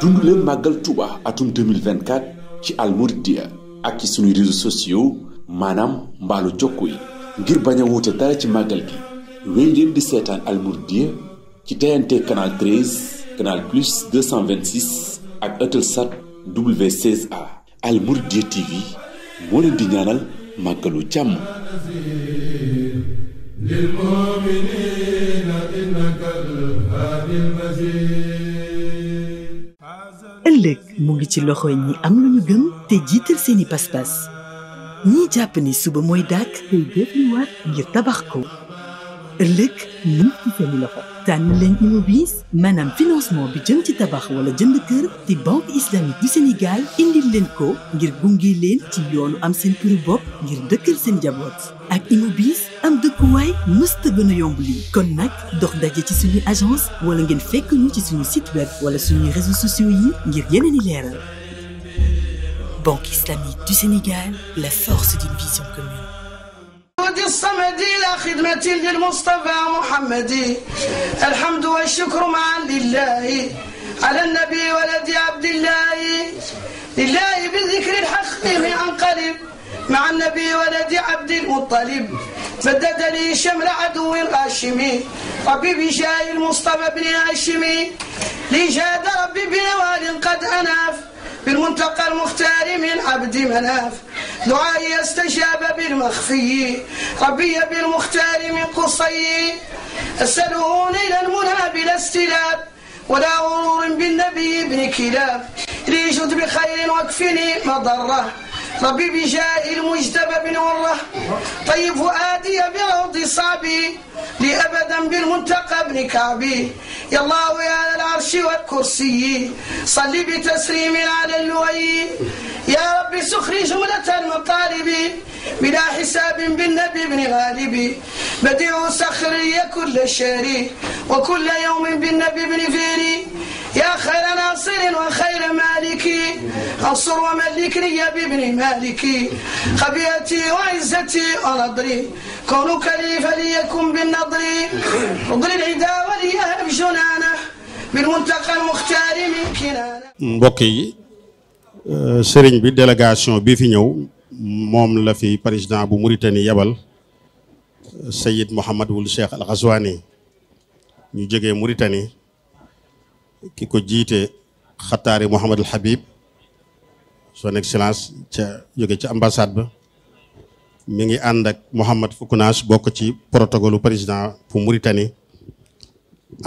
dund leen màggal tuba atum 2024 ci almouridia ak ci sunuy réseaux sociaux maanaam mbaalu jokko yi ngir bañ a wuute dara ci màggal gi wéy leen di seetaan almouridia ci TNT canal 13 canal plus 226 ak Eutelsat W16A almouridia TV moo leen di ñaanal màggalu jàmm ëllëg mu ngi ci loxo ñi am lu ñu gëm te jiital seeni pas-pas ñii jàpp ni suba mooy dàkk tey jëfliwaat ngir tabax ko ëllëg mën ci seeni loxo tànn leen immobilis maanaam financement bi jën ci tabax wala jënd kër te banque islamique du Sénégal indil leen ko ngir gunge leen ci yoonu am seen këru bopp ngir dëkkal seen njaboot ak immobilis am dëkkuwaay mësta gën a yomb lii kon nag dox daje ci suñu agence wala ngeen fekk ñu ci suñu site web wala suñuy réseaux sociaux yi ngir yeneen i leeral Banque islamique du Sénégal, la force d'une vision commune. الود الصمد إلى خدمة للمصطفى محمد الحمد والشكر معا لله على النبي ولد عبد الله لله بالذكر الحقيقي أنقلب مع النبي ولد عبد المطلب بدد لي شمل عدو هاشمي ربي بشاي المصطفى بن هاشمي لي جاد ربي بنوال قد أناف بالمنتقى المختار من عبد مناف دعائي استجاب بالمخفي ربي بالمختار من قصي أسأله نيل المنى بلا استلاب ولا غرور بالنبي ابن كلاب ليشد بخير واكفني مضره ربي بجاه المجتبى من وره طيب فؤادي بروض صعبي لي أبدا بالمنتقى ابن كعبي يا الله يا العرش والكرسي صلي بتسليم على اللؤي يا رب سخري جملة المطالب بلا حساب بالنبي بن غالبي بديع سخري كل شاري وكل يوم بالنبي بن فيري يا خير ناصر وخير مالك انصر وملكني يا بابن مالك خبيتي وعزتي ونضري كونك لي فليكن بالنضر اضري العدا ولي اهم جنانه بالمنتقى المختار من كنانه مبكي sëriñ bi délégation bi fi ñëw moom la fi président bu Mauritanie yebal Sayid Mohamed Wul Cheikh Al Ghazwani ñu jógee Mauritanie ki ko jiite xataari Mouhamadul Habib son excellence ca jóge ca ambassade ba mi ngi ànd ak Mouhamad Foukounaache bokk ci protocole président bu Mauritanie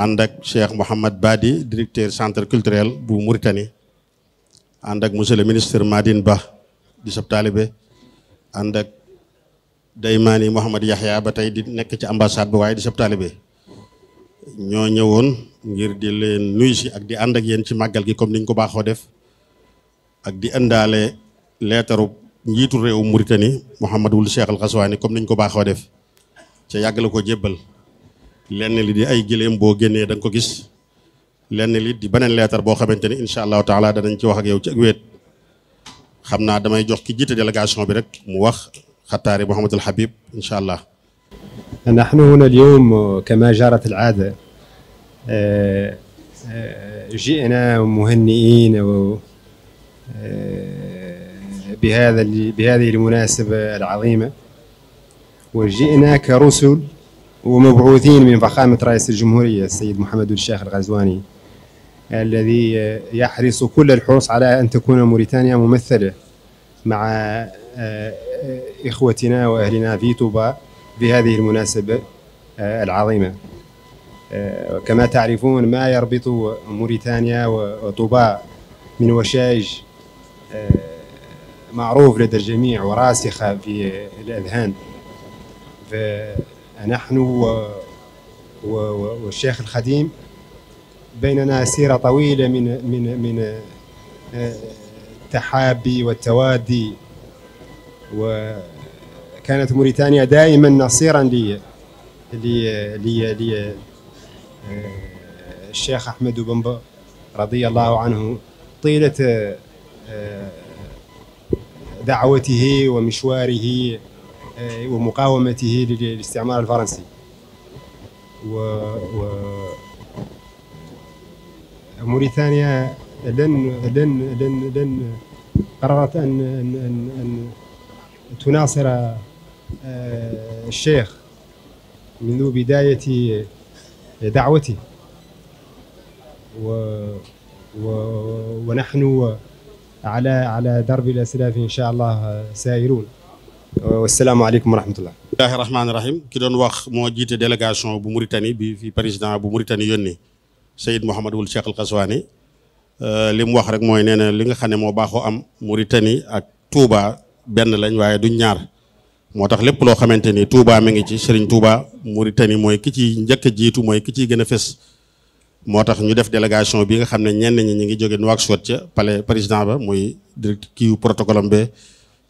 ànd ak Cheikh Mouhamad Badi directeur centre culturel bu Mauritanie ànd ak monsieur le ministre Madine Ba di sab ànd ak Daymaani Mouhamad Yahya ba tey di nekk ci ambassade ba waaye di sab taalibe ñoo ñëwoon ngir di leen nuyu si ak di ànd ak yéen ci màggal gi comme niñ ko baaxoo def ak di ëndaale leetaru njiitu réewu Mauritanie Mouhamadul Cheikh Al Ghazouani comme niñ ko baaxoo def ca yàgg la ko jébbal lenn li di ay giléem boo génnee danga ko gis lenn li di beneen leetar boo xamante ni incha allahu taala danañ ci wax ak yow ci ak wéet xam naa damay jox ki jiite délégation bi rek mu wax xattaari Mouhamadul Habib incha allah. نحن هنا اليوم كما جرت العادة جئنا مهنئين بهذا بهذه المناسبة العظيمة وجئنا كرسل ومبعوثين من فخامة رئيس الجمهورية السيد محمد بن الشيخ الغزواني الذي يحرص كل الحرص على أن تكون موريتانيا ممثلة مع إخوتنا وأهلنا في طوبا بهذه المناسبة العظيمة كما تعرفون ما يربط موريتانيا وطوباء من وشائج معروف لدى الجميع وراسخة في الأذهان فنحن والشيخ الخديم بيننا سيرة طويلة من من من التحابي والتوادي و كانت موريتانيا دائما نصيرا لي لي لي, لي الشيخ أحمد بن رضي الله عنه طيلة دعوته ومشواره ومقاومته للاستعمار الفرنسي و, و موريتانيا لن لن لن لن قررت ان ان ان, أن تناصر الشيخ منذ بداية دعوته و و ونحن على على درب الأسلاف إن شاء الله سائرون wassalaamu aleykum wa rahmatullah bismillahi rahmaani rahim ki doon wax moo jiite délégation bu Mauritanie bi fi président bu Mauritanie yónni Seyyid Mouhamed Ould Cheikh Al Kaswaani euh, li mu wax rek mooy nee na li nga xam ne moo baaxoo am Mauritanie ak Touba benn lañ waaye duñ ñaar moo tax lépp loo xamante ni Touba mi ngi ci Serigne Touba Mauritanie mooy ki ci njëkk jiitu mooy ki ciy gën a fës moo tax ñu def délégation bi nga xam ne ñenn ñi ñu ngi jóge Nouakchott ca palais président ba muy direct kiiw protocole be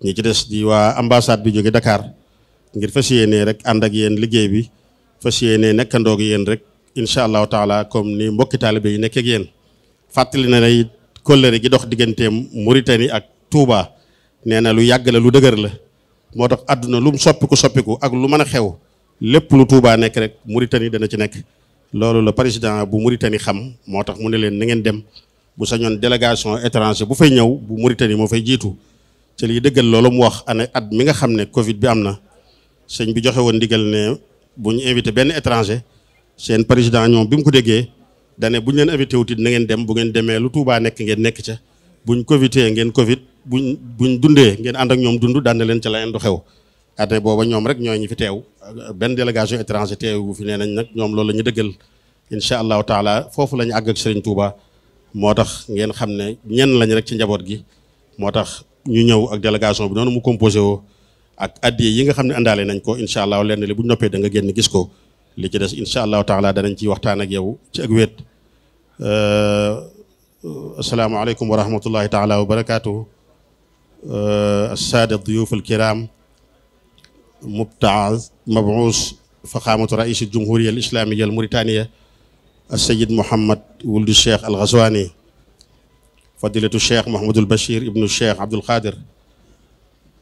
ñi ci des di waa ambassade bi jóge dakaar ngir fas yéenee rek ànd ak yéen liggéey bi fas yéenee ndoog yéen rek incha allahu taala comme ni mbokki taalibe yi nekk ak yéen fàttali na lay kóllëre gi dox digganteem Mauritanie ak Touba nee na lu yàgg la lu dëgër la. moo tax àdduna lu mu soppiku soppiku ak lu mën a xew lépp lu Touba nekk rek Mauritanie dana ci nekk loolu la président bu Mauritanie xam moo tax mu ne leen na ngeen dem bu sañoon délégation étranger bu fay ñëw bu Mauritanie moo fay jiitu te liy dëggal loolu mu wax ane at mi nga xam ne Covid bi am na sëñ bi joxe woon ndigal ne bu ñu invité benn étranger seen président ñoom bi mu ko déggee dane bu ñu leen invité wutit na ngeen dem bu ngeen demee lu Touba nekk ngeen nekk ca buñ Covidee ngeen Covid. buñ buñ dundee ngeen ànd ak ñoom dund daan na leen ca la indu xew année booba ñoom rek ñooy ñi fi teew benn délégation étranger teewu fi nee nañ nag ñoom loolu la ñu dëggal incha allahu taala foofu la ñu àgg ak Serigne Touba moo tax ngeen xam ne ñenn lañu rek ci njaboot gi moo tax ñu ñëw ak délégation bi noonu mu composé woo ak addiye yi nga xam ne àndaale nañ ko incha allah lenn li bu noppee da nga génn gis ko li ci des incha allahu taala danañ ci waxtaan yow ci ak wéet euh, asalaamaaleykum wa rahmatullahi taala wa barakaatu. السادة الضيوف الكرام مبتعث مبعوث فخامة رئيس الجمهورية الإسلامية الموريتانية السيد محمد ولد الشيخ الغزواني فضيلة الشيخ محمد البشير ابن الشيخ عبد القادر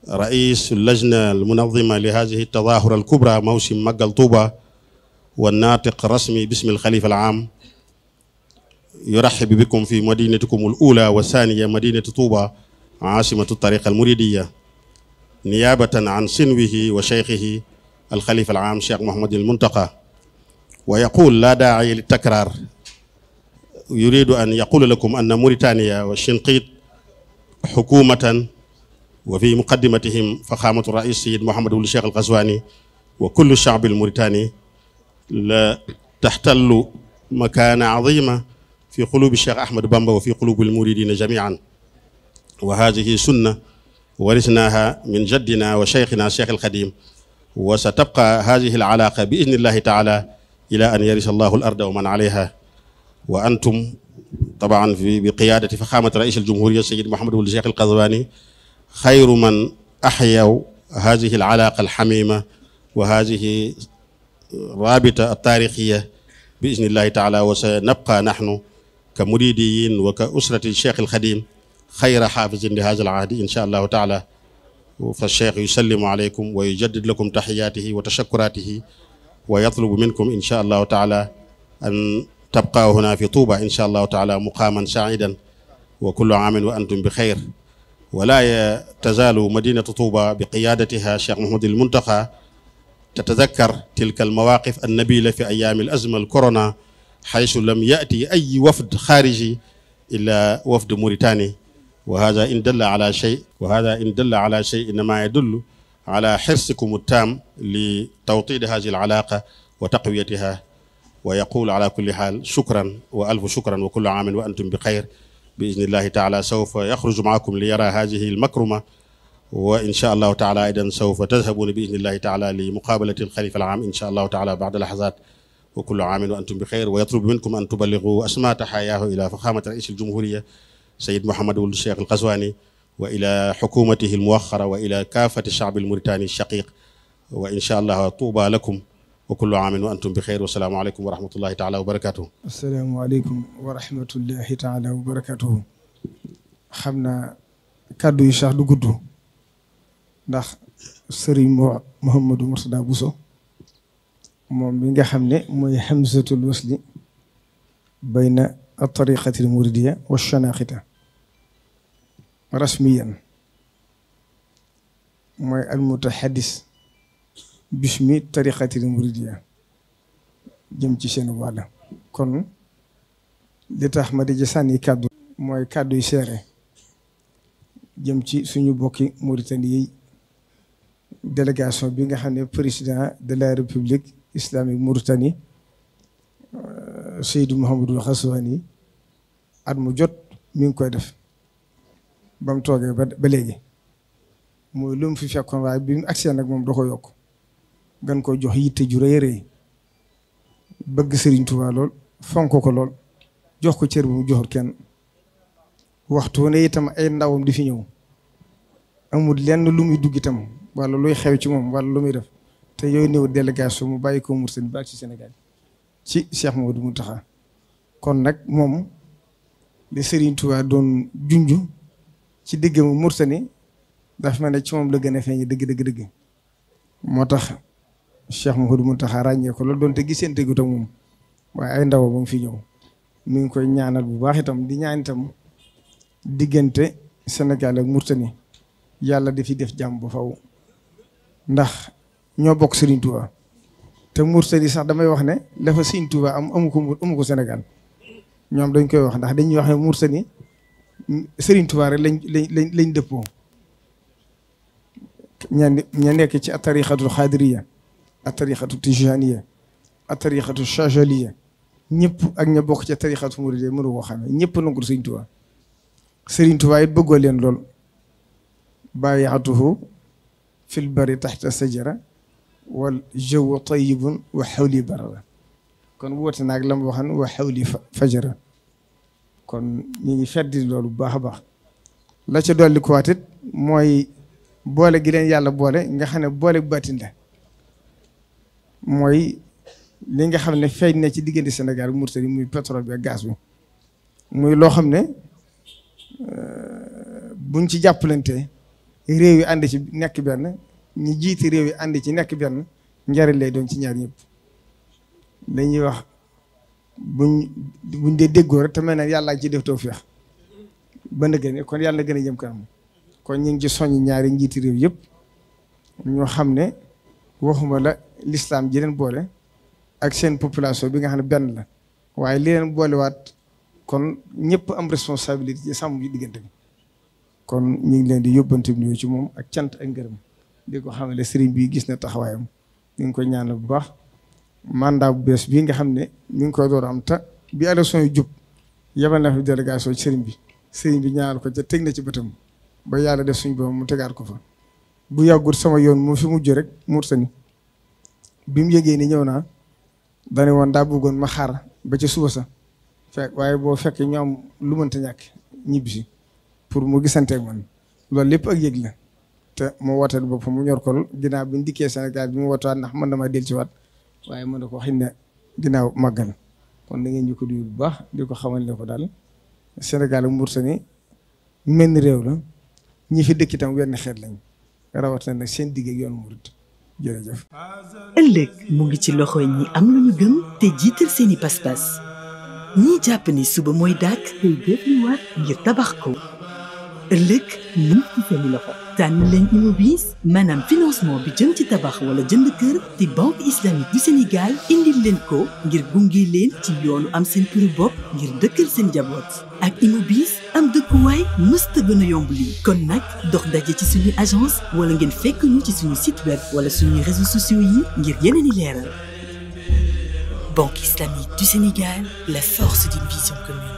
رئيس اللجنة المنظمة لهذه التظاهرة الكبرى موسم مقة الطوبة والناطق رسمي باسم الخليفة العام يرحب بكم في مدينتكم الأولى والثانية مدينة طوبة aacimatu tariqa almuridiya niyaabatan an sinwihi wa cheikhihi alxalifa alaam cheikh mohamad almuntaqa wa yaqul laa daaiya liltakraar yuridu an yaqula lakum anna mauritania wa shinqiit xukumatan wa fi muqadimatihim faxaamatu rais sayid mohamad wul cheikh alxaswaani wa kullu shaabi almauritani la taxtallu makaana azima fi qulubi cheikh ahmad bamba wa fi qulubi almuridina jamian wa haadihi sunna warisnaaha min jaddina wa cheikhina cheikh alxadim wa sa tabqa haadihi al alaaqa bi idnillahi taala ila an yarisa allahu al arda wa man alayha wa antum taban fi bi qiyaadati faxaamat rais aljumhuria sayid Muhammad wul cheikh alqazwani xayru man axyaw haadihi al alaaqa alxamima wa haadihi rabita altaarixiya bi idnillahi taala wa sa nabqa naxnu ka muridiyin wa ka usrati cheikh alxadim xayra xaafisin li haazal ahdi insha allahu taala fa cheikh yusallimu aleykum wa yujaddid lakum taxiyaatihi wa tashakuraatihi wa yatlubu minkum insha allahu taala an tabqaa huna fi tuuba insha allahu taala muqaaman saidan wa kullu aamin wa antum bi xayr wala tazaalu madinatu tuuba bi qiyaadatiha cheikh Mouhamadul Muntaqa tatadakkar tilka almawaaqif annabila fi ayaami al azma al corona xaysu lam yaati ay wafd xaariji illa wafd Mauritanie wa hada in dalla ala shay wa hada in dalla ala shay innama yadullu ala xirsikum taam li tawtidi hadihi alalaqa wa taqwiyatiha wa yaqulu ala kulli xaal shukran wa alfu shukran wa kullu aamin wa antum bi xayr bi idnillahi taala sawfa yaxruju maakum li yara hadihi almakruma wa incha allahu taala idan sawfa tadhabuuna bi idnillahi taala li muqaabalati alxalifa alaam incha allahu taala baada lahzat wa kullu aamin wa antum bi xayr wa yatlubu minkum an tuballigu asmaata xayaahu ila faxaamati raisi aljumhuriya sayid Mouhamadul Cheikh al Qaswaani wa ila xukumatihi al muwaxara wa ila kaafati shaabi al muritaani shaqiq wa incha allah tuuba lakum wa kullu aamin wa antum bi xeyr wa salaamu aleykum wa rahmatullahi taala wa barakatuh asalaamu aleykum wa rahmatullahi taala wa barakatuh xam naa kàddu yi sax du gudd ndax sëriñ Mouhamadou Mourtada Bousso moom mi nga xam ne mooy hamzatul wasli bayna at tariqati al muridiya wa chanaqita rasmiyan mooy al mutahaddis bismi tariqatil muridiyya jëm ci seeni wàll kon li tax ma di ci sànni kàddu mooy kàddu yu seere jëm ci suñu bokki Mauritanie yi bi nga xam ne président de la république islamique Mauritanie euh, Seydou Mouhamadou Ghazouani at mu jot mi ngi koy def ba mu toogee ba léegi mooy lu mu fi fekkoon waaye bi mu agsee nag moom da ko yokk gën koo jox yitte ju rëy bëgg Serigne lool fonk ko lool jox ko cër bi mu joxul kenn waxtu ne itam ay ndawam di fi ñëw amul lenn lu muy dugg itam wala luy xew ci moom wala lu muy def te yooyu néew délégation mu bàyyi ko Mauritanie ba ci Sénégal ci Cheikh mu taxa kon nag moom li Serigne Touba doon junj. ci digg mu mursani daf mel ne ci moom la gën a feeñ dëgg dëgg dëgg moo tax mu Mouhamadou Mountakha ràññee ko loolu doonte gisante gu moom waaye ay ndaw ba mu fi ñëw mu ngi koy ñaanal bu baax itam di ñaan itam diggante Sénégal ak Mauritanie yàlla di fi def jàmm ba faw ndax ñoo bokk Serigne Touba te Mauritanie sax damay wax ne dafa Serigne Touba am amu ko amuko ko Sénégal ñoom dañ koy wax ndax dañuy wax ne Mauritanie Serigne Touba rek lañ lañ lañ dëppoo ña ña nekk ci atarixatu xaadiriya atarixatu tijaniya atarixatu chajaliya ñëpp ak ña bokk ci atarixatu muride mënu koo xamee ñëpp nangul Serigne Touba Serigne Touba it bëggoo leen lool fi fil bari taxta sajara wal jawu tayibun wa xawli barara kon woote naag la ma waxan wa xawli fajara kon ñu ngi feddi loolu bu baax a baax la ca dolli ko waat mooy boole gi leen yàlla boole nga xam ne boole bu baatin la mooy li nga xam ne feeñ na ci diggante Sénégal Mauritanie muy pétrole bee ak gaz bi muy loo xam ne euh, buñ ci jàppalante réew yi ànd ci nekk benn ñi jiiti réew yi ànd ci nekk benn njariñ lay doon ci ñaar ñëpp dañuy wax buñ buñ dee déggoo rek te mel ne yàlla ci def tawfeex ba gën kon yàlla gën a jëm kanam kon ñu ngi ci soññ ñaari njiiti réew yëpp ñoo xam ne waxuma la lislaam ji leen boole ak seen population bi nga xam ne benn la waaye li leen boolewaat kon ñëpp am responsabilité ci sàmm bi diggante bi kon ñu ngi leen di yóbbante nuyoo ci moom ak cant ak ngërëm di ko xam ne sëriñ bi gis na taxawaayam ñu ngi ko ñaanal bu baax. mandat bu bees bii nga xam ne mi ngi koy door am ta bi élection yu jub yebal na fi délégation sëriñ bi sëriñ bi ñaanal ko ca teg na ci bëtam ba yàlla def suñ boppam mu tegaat ko fa. bu yàggut sama yoon mu fi mujj rek Mauritanie bi mu yëgee ni ñëw naa dane woon daa bëggoon ma xaar ba ca suba sa waaye boo fekkee ñu lu mënta ñàkk ñibbi si pour mu gisanteeg man loolu lépp ak yëg la te mu wooteel boppam mu ñor ko ginnaaw bi ñu dikkee bi mu wootaat ndax man damaa dellu ci waat waaye mën na ko xëy na ginnaaw màggal kon da ngeen ñu ko di bu baax di ko xamal ne ko daal Sénégal ak Mauritanie mel ni réew la ñi fi dëkk itam wenn xeet lañ rawatina nag seen digg ak yoonu murit jërëjëf. ëllëg mu ngi ci loxo ñi am lu ñu gëm te jiital seeni pas-pas ñii jàpp ni suba mooy dàkk tey jëfandikoo ngir tabax ko ëllëg mu ngi seeni loxo. waxtaanee leen immobilis maanaam financement bi jën ci tabax wala jën kër te banque islamique du Sénégal indil leen ko ngir gunge leen ci yoonu am seen këru bopp ngir dëkkal seen njaboot ak immobilis am dëkkuwaay mësta gën a yomb lii. kon nag dox daje ci suñu agence wala ngeen fekk ñu ci suñu site web wala suñu réseaux sociaux yi ngir yeneen i leeral. Banque islamique du Sénégal, la force d'une vision commune.